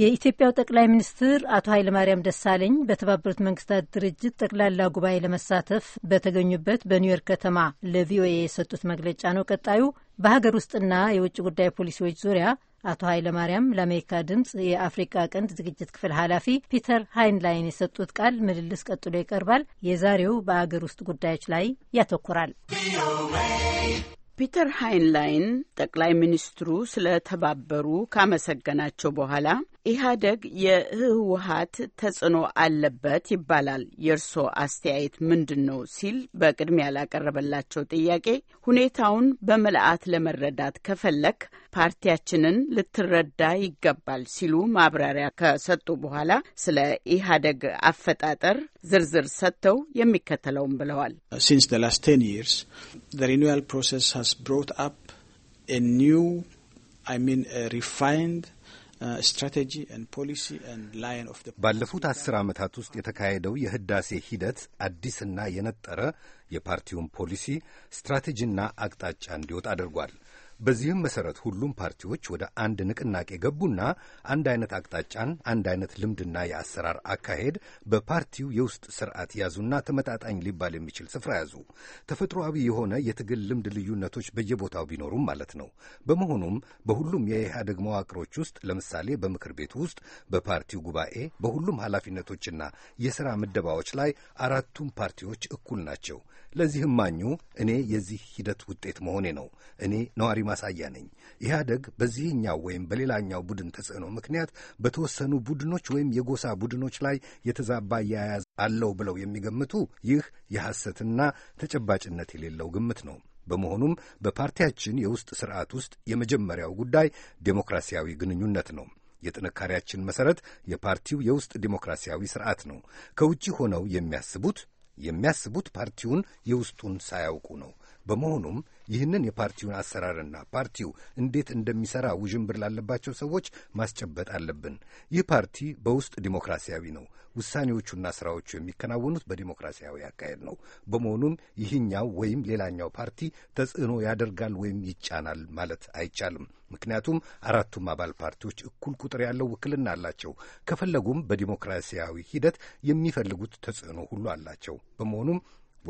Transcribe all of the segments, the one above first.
የኢትዮጵያው ጠቅላይ ሚኒስትር አቶ ኃይለማርያም ደሳለኝ በተባበሩት መንግስታት ድርጅት ጠቅላላ ጉባኤ ለመሳተፍ በተገኙበት በኒውዮርክ ከተማ ለቪኦኤ የሰጡት መግለጫ ነው ቀጣዩ። በሀገር ውስጥና የውጭ ጉዳይ ፖሊሲዎች ዙሪያ አቶ ኃይለማርያም ለአሜሪካ ድምፅ የአፍሪካ ቀንድ ዝግጅት ክፍል ኃላፊ ፒተር ሃይንላይን የሰጡት ቃል ምልልስ ቀጥሎ ይቀርባል። የዛሬው በአገር ውስጥ ጉዳዮች ላይ ያተኩራል። ፒተር ሃይንላይን ጠቅላይ ሚኒስትሩ ስለተባበሩ ካመሰገናቸው በኋላ ኢህአደግ የህወሀት ተጽዕኖ አለበት ይባላል፣ የእርስዎ አስተያየት ምንድን ነው ሲል በቅድሚያ ላቀረበላቸው ጥያቄ ሁኔታውን በምልአት ለመረዳት ከፈለክ ፓርቲያችንን ልትረዳ ይገባል ሲሉ ማብራሪያ ከሰጡ በኋላ ስለ ኢህአደግ አፈጣጠር ዝርዝር ሰጥተው የሚከተለውም ብለዋል። ሲንስ ዘ ላስት ቴን ይርስ ዘ ሪኒዋል ፕሮሰስ ብሮት አፕ ኤ ኒው አይ ሚን ሪፋይንድ ባለፉት አስር ዓመታት ውስጥ የተካሄደው የህዳሴ ሂደት አዲስና የነጠረ የፓርቲውን ፖሊሲ ስትራቴጂና አቅጣጫ እንዲወጥ አድርጓል። በዚህም መሰረት ሁሉም ፓርቲዎች ወደ አንድ ንቅናቄ ገቡና አንድ አይነት አቅጣጫን፣ አንድ አይነት ልምድና የአሰራር አካሄድ በፓርቲው የውስጥ ስርዓት ያዙና ተመጣጣኝ ሊባል የሚችል ስፍራ ያዙ። ተፈጥሮአዊ የሆነ የትግል ልምድ ልዩነቶች በየቦታው ቢኖሩም ማለት ነው። በመሆኑም በሁሉም የኢህአደግ መዋቅሮች ውስጥ ለምሳሌ በምክር ቤቱ ውስጥ በፓርቲው ጉባኤ በሁሉም ኃላፊነቶችና የሥራ ምደባዎች ላይ አራቱም ፓርቲዎች እኩል ናቸው። ለዚህም ማኙ እኔ የዚህ ሂደት ውጤት መሆኔ ነው። እኔ ነዋሪ ማሳያ ነኝ። ኢህአደግ በዚህኛው ወይም በሌላኛው ቡድን ተጽዕኖ ምክንያት በተወሰኑ ቡድኖች ወይም የጎሳ ቡድኖች ላይ የተዛባ አያያዝ አለው ብለው የሚገምቱ ይህ የሐሰትና ተጨባጭነት የሌለው ግምት ነው። በመሆኑም በፓርቲያችን የውስጥ ስርዓት ውስጥ የመጀመሪያው ጉዳይ ዴሞክራሲያዊ ግንኙነት ነው። የጥንካሬያችን መሰረት የፓርቲው የውስጥ ዴሞክራሲያዊ ስርዓት ነው። ከውጭ ሆነው የሚያስቡት የሚያስቡት ፓርቲውን የውስጡን ሳያውቁ ነው። በመሆኑም ይህንን የፓርቲውን አሰራርና ፓርቲው እንዴት እንደሚሰራ ውዥንብር ላለባቸው ሰዎች ማስጨበጥ አለብን። ይህ ፓርቲ በውስጥ ዲሞክራሲያዊ ነው። ውሳኔዎቹና ስራዎቹ የሚከናወኑት በዲሞክራሲያዊ አካሄድ ነው። በመሆኑም ይህኛው ወይም ሌላኛው ፓርቲ ተጽዕኖ ያደርጋል ወይም ይጫናል ማለት አይቻልም። ምክንያቱም አራቱም አባል ፓርቲዎች እኩል ቁጥር ያለው ውክልና አላቸው። ከፈለጉም በዲሞክራሲያዊ ሂደት የሚፈልጉት ተጽዕኖ ሁሉ አላቸው። በመሆኑም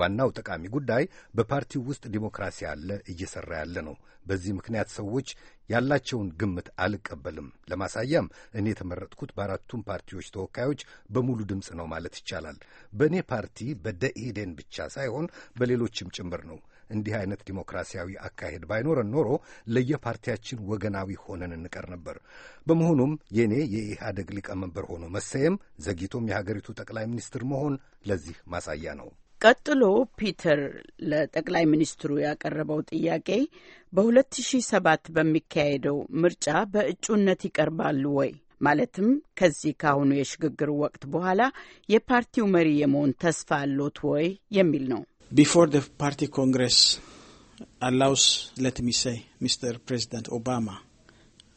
ዋናው ጠቃሚ ጉዳይ በፓርቲው ውስጥ ዲሞክራሲ አለ፣ እየሰራ ያለ ነው። በዚህ ምክንያት ሰዎች ያላቸውን ግምት አልቀበልም። ለማሳያም እኔ የተመረጥኩት በአራቱም ፓርቲዎች ተወካዮች በሙሉ ድምፅ ነው ማለት ይቻላል። በእኔ ፓርቲ በደኢህዴን ብቻ ሳይሆን በሌሎችም ጭምር ነው። እንዲህ አይነት ዲሞክራሲያዊ አካሄድ ባይኖረን ኖሮ ለየፓርቲያችን ወገናዊ ሆነን እንቀር ነበር። በመሆኑም የእኔ የኢህአደግ ሊቀመንበር ሆኖ መሰየም ዘግይቶም የሀገሪቱ ጠቅላይ ሚኒስትር መሆን ለዚህ ማሳያ ነው። ቀጥሎ ፒተር ለጠቅላይ ሚኒስትሩ ያቀረበው ጥያቄ በ2007 በሚካሄደው ምርጫ በእጩነት ይቀርባሉ ወይ ማለትም ከዚህ ካሁኑ የሽግግር ወቅት በኋላ የፓርቲው መሪ የመሆን ተስፋ አሎት ወይ የሚል ነው። ቢፎር ፓርቲ ኮንግረስ አላውስ ለት ሚ ሴይ ሚስተር ፕሬዚዳንት ኦባማ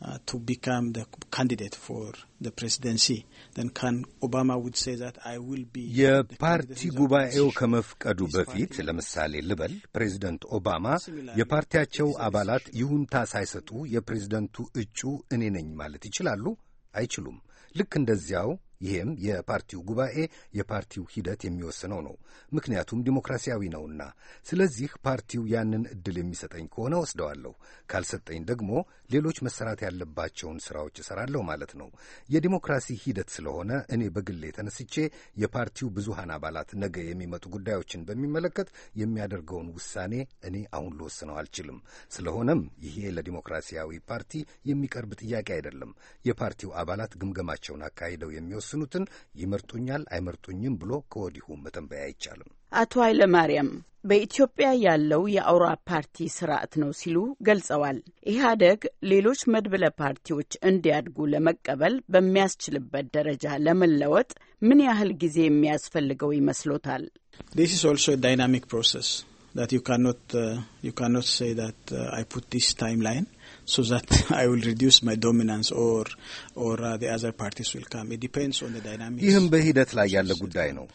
uh, to become the candidate for the presidency, then can Obama would say that I የፓርቲ ጉባኤው ከመፍቀዱ በፊት ለምሳሌ ልበል ፕሬዚደንት ኦባማ የፓርቲያቸው አባላት ይሁንታ ሳይሰጡ የፕሬዚደንቱ እጩ እኔ ነኝ ማለት ይችላሉ? አይችሉም። ልክ እንደዚያው ይህም የፓርቲው ጉባኤ የፓርቲው ሂደት የሚወስነው ነው። ምክንያቱም ዲሞክራሲያዊ ነውና፣ ስለዚህ ፓርቲው ያንን እድል የሚሰጠኝ ከሆነ ወስደዋለሁ፣ ካልሰጠኝ ደግሞ ሌሎች መሰራት ያለባቸውን ስራዎች እሰራለሁ ማለት ነው። የዲሞክራሲ ሂደት ስለሆነ እኔ በግሌ ተነስቼ የፓርቲው ብዙሃን አባላት ነገ የሚመጡ ጉዳዮችን በሚመለከት የሚያደርገውን ውሳኔ እኔ አሁን ልወስነው አልችልም። ስለሆነም ይሄ ለዲሞክራሲያዊ ፓርቲ የሚቀርብ ጥያቄ አይደለም። የፓርቲው አባላት ግምገማቸውን አካሂደው የሚወስ የሚወስኑትን ይመርጡኛል አይመርጡኝም ብሎ ከወዲሁ መተንበያ አይቻልም። አቶ ኃይለ ማርያም በኢትዮጵያ ያለው የአውራ ፓርቲ ስርዓት ነው ሲሉ ገልጸዋል። ኢህአደግ ሌሎች መድብለ ፓርቲዎች እንዲያድጉ ለመቀበል በሚያስችልበት ደረጃ ለመለወጥ ምን ያህል ጊዜ የሚያስፈልገው ይመስሎታል? ዲስ ኢዝ ኦልሶ ዳይናሚክ ፕሮሰስ ዛት ዩ ካኖት ዩ ካኖት ሴይ ዛት አይ ፑት ዲስ ታይም ላይን so that I will reduce my dominance or or uh, the other parties will come. It depends on the dynamics. ይህም በሂደት ላይ ያለ ጉዳይ ነው።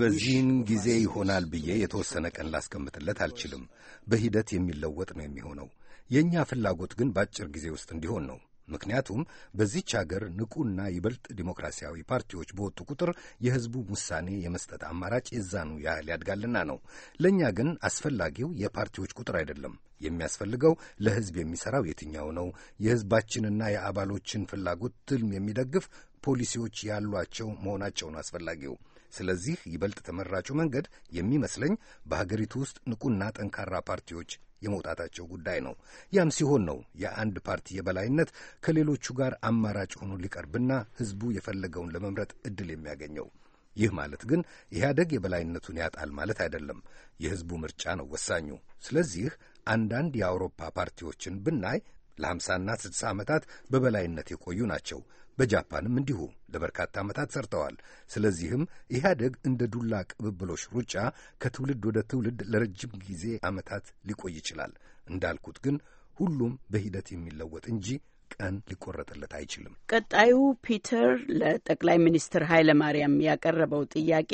በዚህን ጊዜ ይሆናል ብዬ የተወሰነ ቀን ላስቀምጥለት አልችልም። በሂደት የሚለወጥ ነው የሚሆነው። የእኛ ፍላጎት ግን በአጭር ጊዜ ውስጥ እንዲሆን ነው። ምክንያቱም በዚች አገር ንቁና ይበልጥ ዲሞክራሲያዊ ፓርቲዎች በወጡ ቁጥር የሕዝቡ ውሳኔ የመስጠት አማራጭ የዛኑ ያህል ያድጋልና ነው። ለእኛ ግን አስፈላጊው የፓርቲዎች ቁጥር አይደለም፣ የሚያስፈልገው ለህዝብ የሚሰራው የትኛው ነው? የህዝባችንና የአባሎችን ፍላጎት ትልም የሚደግፍ ፖሊሲዎች ያሏቸው መሆናቸውን አስፈላጊው። ስለዚህ ይበልጥ ተመራጩ መንገድ የሚመስለኝ በሀገሪቱ ውስጥ ንቁና ጠንካራ ፓርቲዎች የመውጣታቸው ጉዳይ ነው። ያም ሲሆን ነው የአንድ ፓርቲ የበላይነት ከሌሎቹ ጋር አማራጭ ሆኖ ሊቀርብና ህዝቡ የፈለገውን ለመምረጥ እድል የሚያገኘው። ይህ ማለት ግን ኢህአደግ የበላይነቱን ያጣል ማለት አይደለም። የህዝቡ ምርጫ ነው ወሳኙ። ስለዚህ አንዳንድ የአውሮፓ ፓርቲዎችን ብናይ ለ 50 ዓመታት በበላይነት የቆዩ ናቸው። በጃፓንም እንዲሁ ለበርካታ ዓመታት ሰርተዋል። ስለዚህም ኢህአደግ እንደ ዱላ ቅብብሎሽ ሩጫ ከትውልድ ወደ ትውልድ ለረጅም ጊዜ ዓመታት ሊቆይ ይችላል። እንዳልኩት ግን ሁሉም በሂደት የሚለወጥ እንጂ ቀን ሊቆረጥለት አይችልም። ቀጣዩ ፒተር ለጠቅላይ ሚኒስትር ኃይለ ማርያም ያቀረበው ጥያቄ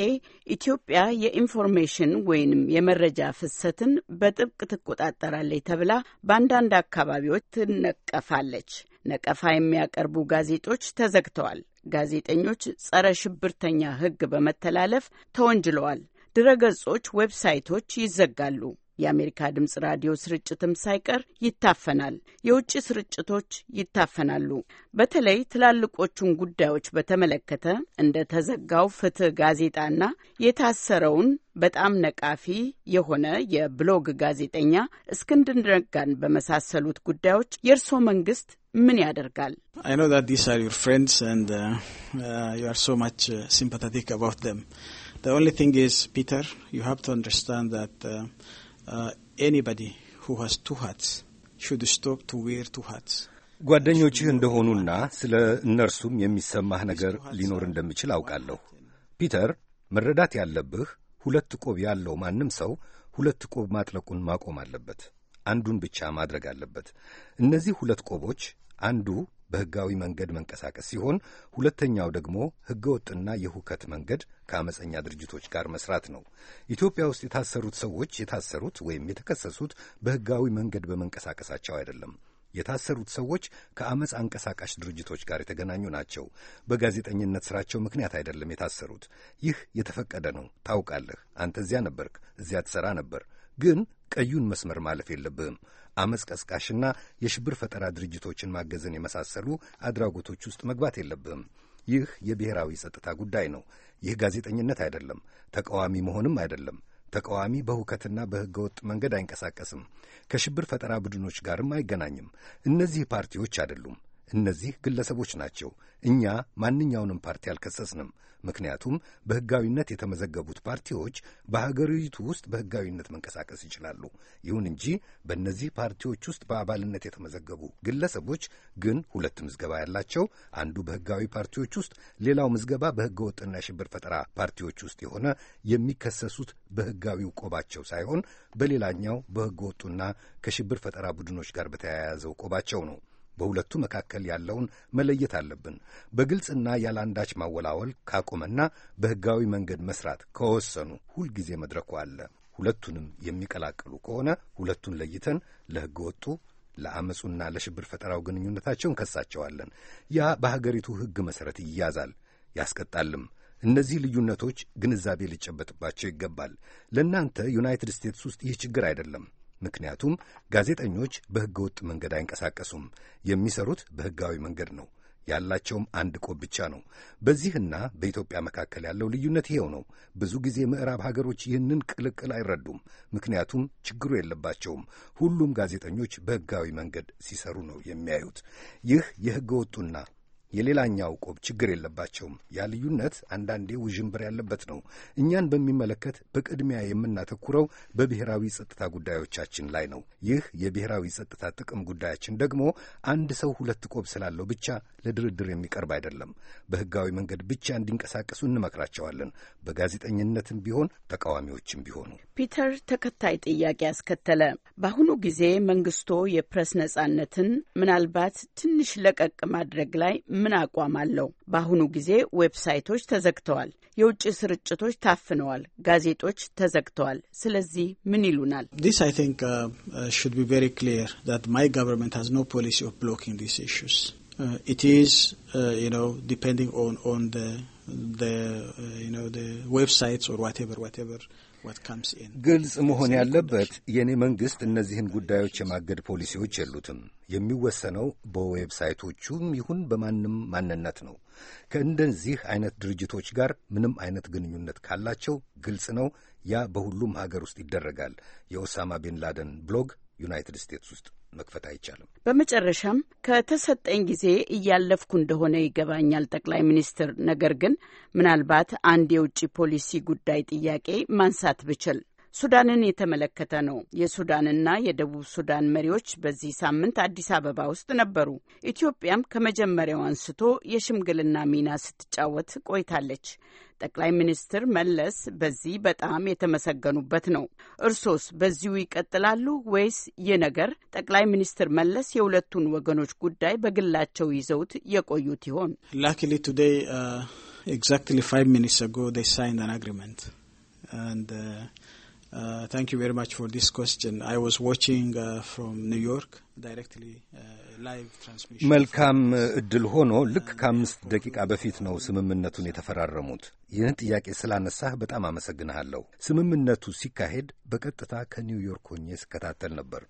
ኢትዮጵያ የኢንፎርሜሽን ወይንም የመረጃ ፍሰትን በጥብቅ ትቆጣጠራለች ተብላ በአንዳንድ አካባቢዎች ትነቀፋለች። ነቀፋ የሚያቀርቡ ጋዜጦች ተዘግተዋል። ጋዜጠኞች ጸረ ሽብርተኛ ሕግ በመተላለፍ ተወንጅለዋል። ድረ ገጾች፣ ዌብሳይቶች ይዘጋሉ። የአሜሪካ ድምፅ ራዲዮ ስርጭትም ሳይቀር ይታፈናል። የውጭ ስርጭቶች ይታፈናሉ። በተለይ ትላልቆቹን ጉዳዮች በተመለከተ እንደ ተዘጋው ፍትህ ጋዜጣና የታሰረውን በጣም ነቃፊ የሆነ የብሎግ ጋዜጠኛ እስክንድር ነጋን በመሳሰሉት ጉዳዮች የእርስዎ መንግስት ምን ያደርጋል? ፒተር ኤኒባዲ ሁ ሃዝ ቱ ሃትስ ሹድ ስቶፕ ቱ ዌር ቱ ጓደኞችህ እንደሆኑና ስለ እነርሱም የሚሰማህ ነገር ሊኖር እንደሚችል አውቃለሁ። ፒተር፣ መረዳት ያለብህ ሁለት ቆብ ያለው ማንም ሰው ሁለት ቆብ ማጥለቁን ማቆም አለበት። አንዱን ብቻ ማድረግ አለበት። እነዚህ ሁለት ቆቦች አንዱ በህጋዊ መንገድ መንቀሳቀስ ሲሆን፣ ሁለተኛው ደግሞ ህገወጥና የሁከት መንገድ ከአመፀኛ ድርጅቶች ጋር መስራት ነው። ኢትዮጵያ ውስጥ የታሰሩት ሰዎች የታሰሩት ወይም የተከሰሱት በህጋዊ መንገድ በመንቀሳቀሳቸው አይደለም። የታሰሩት ሰዎች ከአመፅ አንቀሳቃሽ ድርጅቶች ጋር የተገናኙ ናቸው። በጋዜጠኝነት ስራቸው ምክንያት አይደለም የታሰሩት። ይህ የተፈቀደ ነው። ታውቃለህ፣ አንተ እዚያ ነበርክ፣ እዚያ ትሠራ ነበር። ግን ቀዩን መስመር ማለፍ የለብህም። አመፅ ቀስቃሽና የሽብር ፈጠራ ድርጅቶችን ማገዝን የመሳሰሉ አድራጎቶች ውስጥ መግባት የለብህም። ይህ የብሔራዊ ጸጥታ ጉዳይ ነው። ይህ ጋዜጠኝነት አይደለም፣ ተቃዋሚ መሆንም አይደለም። ተቃዋሚ በሁከትና በህገወጥ መንገድ አይንቀሳቀስም፣ ከሽብር ፈጠራ ቡድኖች ጋርም አይገናኝም። እነዚህ ፓርቲዎች አይደሉም እነዚህ ግለሰቦች ናቸው። እኛ ማንኛውንም ፓርቲ አልከሰስንም። ምክንያቱም በሕጋዊነት የተመዘገቡት ፓርቲዎች በሀገሪቱ ውስጥ በሕጋዊነት መንቀሳቀስ ይችላሉ። ይሁን እንጂ በእነዚህ ፓርቲዎች ውስጥ በአባልነት የተመዘገቡ ግለሰቦች ግን ሁለት ምዝገባ ያላቸው፣ አንዱ በሕጋዊ ፓርቲዎች ውስጥ፣ ሌላው ምዝገባ በሕገ ወጥና የሽብር ፈጠራ ፓርቲዎች ውስጥ የሆነ የሚከሰሱት በሕጋዊው ቆባቸው ሳይሆን በሌላኛው በሕገ ወጡና ከሽብር ፈጠራ ቡድኖች ጋር በተያያዘው ቆባቸው ነው። በሁለቱ መካከል ያለውን መለየት አለብን። በግልጽና ያለአንዳች ማወላወል ካቆመና በሕጋዊ መንገድ መስራት ከወሰኑ ሁልጊዜ መድረኩ አለ። ሁለቱንም የሚቀላቅሉ ከሆነ ሁለቱን ለይተን ለሕገ ወጡ ለአመፁና ለሽብር ፈጠራው ግንኙነታቸውን ከሳቸዋለን። ያ በሀገሪቱ ሕግ መሠረት ይያዛል ያስቀጣልም። እነዚህ ልዩነቶች ግንዛቤ ሊጨበጥባቸው ይገባል። ለእናንተ ዩናይትድ ስቴትስ ውስጥ ይህ ችግር አይደለም። ምክንያቱም ጋዜጠኞች በሕገ ወጥ መንገድ አይንቀሳቀሱም። የሚሰሩት በሕጋዊ መንገድ ነው። ያላቸውም አንድ ቆብ ብቻ ነው። በዚህና በኢትዮጵያ መካከል ያለው ልዩነት ይኸው ነው። ብዙ ጊዜ ምዕራብ ሀገሮች ይህንን ቅልቅል አይረዱም፣ ምክንያቱም ችግሩ የለባቸውም። ሁሉም ጋዜጠኞች በሕጋዊ መንገድ ሲሰሩ ነው የሚያዩት። ይህ የሕገ ወጡና የሌላኛው ቆብ ችግር የለባቸውም። ያ ልዩነት አንዳንዴ ውዥንብር ያለበት ነው። እኛን በሚመለከት በቅድሚያ የምናተኩረው በብሔራዊ ጸጥታ ጉዳዮቻችን ላይ ነው። ይህ የብሔራዊ ጸጥታ ጥቅም ጉዳያችን ደግሞ አንድ ሰው ሁለት ቆብ ስላለው ብቻ ለድርድር የሚቀርብ አይደለም። በህጋዊ መንገድ ብቻ እንዲንቀሳቀሱ እንመክራቸዋለን። በጋዜጠኝነትም ቢሆን ተቃዋሚዎችም ቢሆኑ። ፒተር ተከታይ ጥያቄ ያስከተለ በአሁኑ ጊዜ መንግስቶ የፕሬስ ነጻነትን ምናልባት ትንሽ ለቀቅ ማድረግ ላይ ምን አቋም አለው? በአሁኑ ጊዜ ዌብሳይቶች ተዘግተዋል፣ የውጭ ስርጭቶች ታፍነዋል፣ ጋዜጦች ተዘግተዋል። ስለዚህ ምን ይሉናል? ዲስ አይ ቲንክ ሹድ ክሊር ማይ ጋቨርንመንት ሃዝ ኖ ፖሊሲ ኦፍ ብሎኪንግ ዲስ ኢሹስ uh, it is uh, you know depending on on the the uh, you know the websites or whatever whatever ግልጽ መሆን ያለበት የእኔ መንግሥት እነዚህን ጉዳዮች የማገድ ፖሊሲዎች የሉትም። የሚወሰነው በዌብሳይቶቹም ይሁን በማንም ማንነት ነው። ከእንደዚህ አይነት ድርጅቶች ጋር ምንም አይነት ግንኙነት ካላቸው ግልጽ ነው። ያ በሁሉም ሀገር ውስጥ ይደረጋል። የኦሳማ ቢን ላደን ብሎግ ዩናይትድ ስቴትስ ውስጥ መክፈት አይቻልም። በመጨረሻም ከተሰጠኝ ጊዜ እያለፍኩ እንደሆነ ይገባኛል ጠቅላይ ሚኒስትር፣ ነገር ግን ምናልባት አንድ የውጭ ፖሊሲ ጉዳይ ጥያቄ ማንሳት ብችል ሱዳንን የተመለከተ ነው። የሱዳንና የደቡብ ሱዳን መሪዎች በዚህ ሳምንት አዲስ አበባ ውስጥ ነበሩ። ኢትዮጵያም ከመጀመሪያው አንስቶ የሽምግልና ሚና ስትጫወት ቆይታለች። ጠቅላይ ሚኒስትር መለስ በዚህ በጣም የተመሰገኑበት ነው። እርሶስ በዚሁ ይቀጥላሉ ወይስ ይህ ነገር ጠቅላይ ሚኒስትር መለስ የሁለቱን ወገኖች ጉዳይ በግላቸው ይዘውት የቆዩት ይሆን? ላኪሊ ቱዴይ ኤግዛክትሊ ፋይቭ ሚኒትስ አጎ ዴይ ሳይንድ አን አግሪመንት Uh, thank you very much for this question. I was watching uh, from New York directly uh, live transmission. መልካም uh, እድል ሆኖ uh, ልክ ከአምስት ደቂቃ በፊት ነው ስምምነቱን የተፈራረሙት። ይህን ጥያቄ ስላነሳህ በጣም አመሰግንሃለሁ። ስምምነቱ ሲካሄድ በቀጥታ ከኒውዮርክ ሆኜ ስከታተል ነበር።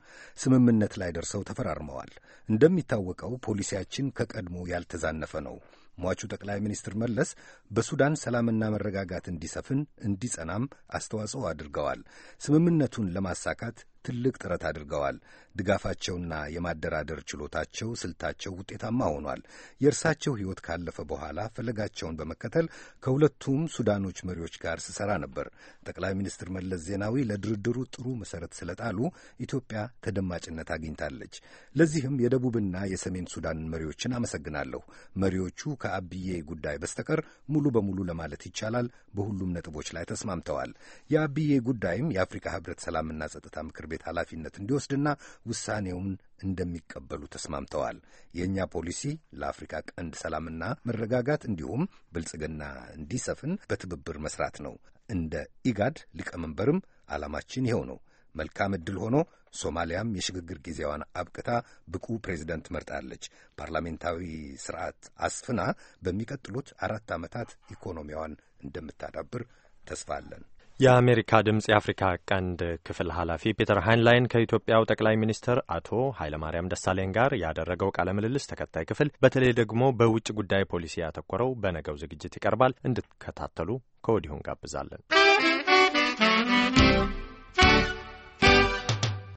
ስምምነት ላይ ደርሰው ተፈራርመዋል። እንደሚታወቀው ፖሊሲያችን ከቀድሞ ያልተዛነፈ ነው። ሟቹ ጠቅላይ ሚኒስትር መለስ በሱዳን ሰላምና መረጋጋት እንዲሰፍን እንዲጸናም አስተዋጽኦ አድርገዋል። ስምምነቱን ለማሳካት ትልቅ ጥረት አድርገዋል። ድጋፋቸውና የማደራደር ችሎታቸው፣ ስልታቸው ውጤታማ ሆኗል። የእርሳቸው ሕይወት ካለፈ በኋላ ፈለጋቸውን በመከተል ከሁለቱም ሱዳኖች መሪዎች ጋር ስሰራ ነበር። ጠቅላይ ሚኒስትር መለስ ዜናዊ ለድርድሩ ጥሩ መሰረት ስለጣሉ ኢትዮጵያ ተደማጭነት አግኝታለች። ለዚህም የደቡብና የሰሜን ሱዳን መሪዎችን አመሰግናለሁ። መሪዎቹ ከአብዬ ጉዳይ በስተቀር ሙሉ በሙሉ ለማለት ይቻላል በሁሉም ነጥቦች ላይ ተስማምተዋል። የአብዬ ጉዳይም የአፍሪካ ህብረት ሰላምና ጸጥታ ምክር ቤት ኃላፊነት እንዲወስድና ውሳኔውን እንደሚቀበሉ ተስማምተዋል። የእኛ ፖሊሲ ለአፍሪካ ቀንድ ሰላምና መረጋጋት እንዲሁም ብልጽግና እንዲሰፍን በትብብር መስራት ነው። እንደ ኢጋድ ሊቀመንበርም ዓላማችን ይኸው ነው። መልካም ዕድል ሆኖ ሶማሊያም የሽግግር ጊዜዋን አብቅታ ብቁ ፕሬዚደንት መርጣለች። ፓርላሜንታዊ ስርዓት አስፍና በሚቀጥሉት አራት ዓመታት ኢኮኖሚዋን እንደምታዳብር ተስፋ አለን። የአሜሪካ ድምፅ የአፍሪካ ቀንድ ክፍል ኃላፊ ፒተር ሃይንላይን ከኢትዮጵያው ጠቅላይ ሚኒስትር አቶ ኃይለማርያም ደሳለኝ ጋር ያደረገው ቃለ ምልልስ ተከታይ ክፍል በተለይ ደግሞ በውጭ ጉዳይ ፖሊሲ ያተኮረው በነገው ዝግጅት ይቀርባል። እንድትከታተሉ ከወዲሁ እንጋብዛለን።